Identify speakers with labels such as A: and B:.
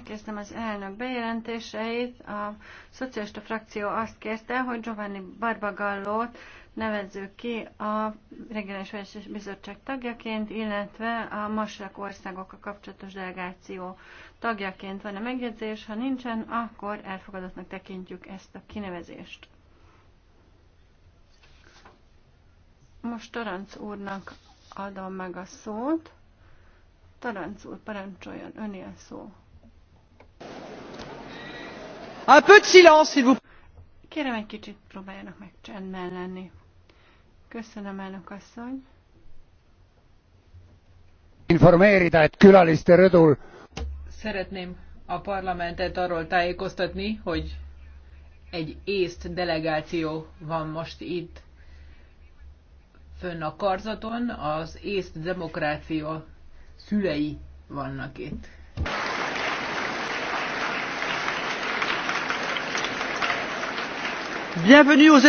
A: Elkezdem az elnök bejelentéseit. A szocialista frakció azt kérte, hogy Giovanni Barbagallót nevezzük ki a Regionális Fejlesztés Bizottság tagjaként, illetve a Masrak országokkal kapcsolatos delegáció tagjaként van a megjegyzés. Ha nincsen, akkor elfogadottnak tekintjük ezt a kinevezést. Most Taranc úrnak adom meg a szót. Taranc úr, parancsoljon, öné a szó.
B: Un peu de silence, s'il vous plaît. Kérem, egy kicsit próbáljanak meg csendben lenni. Köszönöm, elnök asszony.
C: Szeretném a parlamentet arról tájékoztatni, hogy egy észt delegáció van most itt fönn a karzaton, az észt demokrácia szülei vannak itt.
D: bienvenue aux.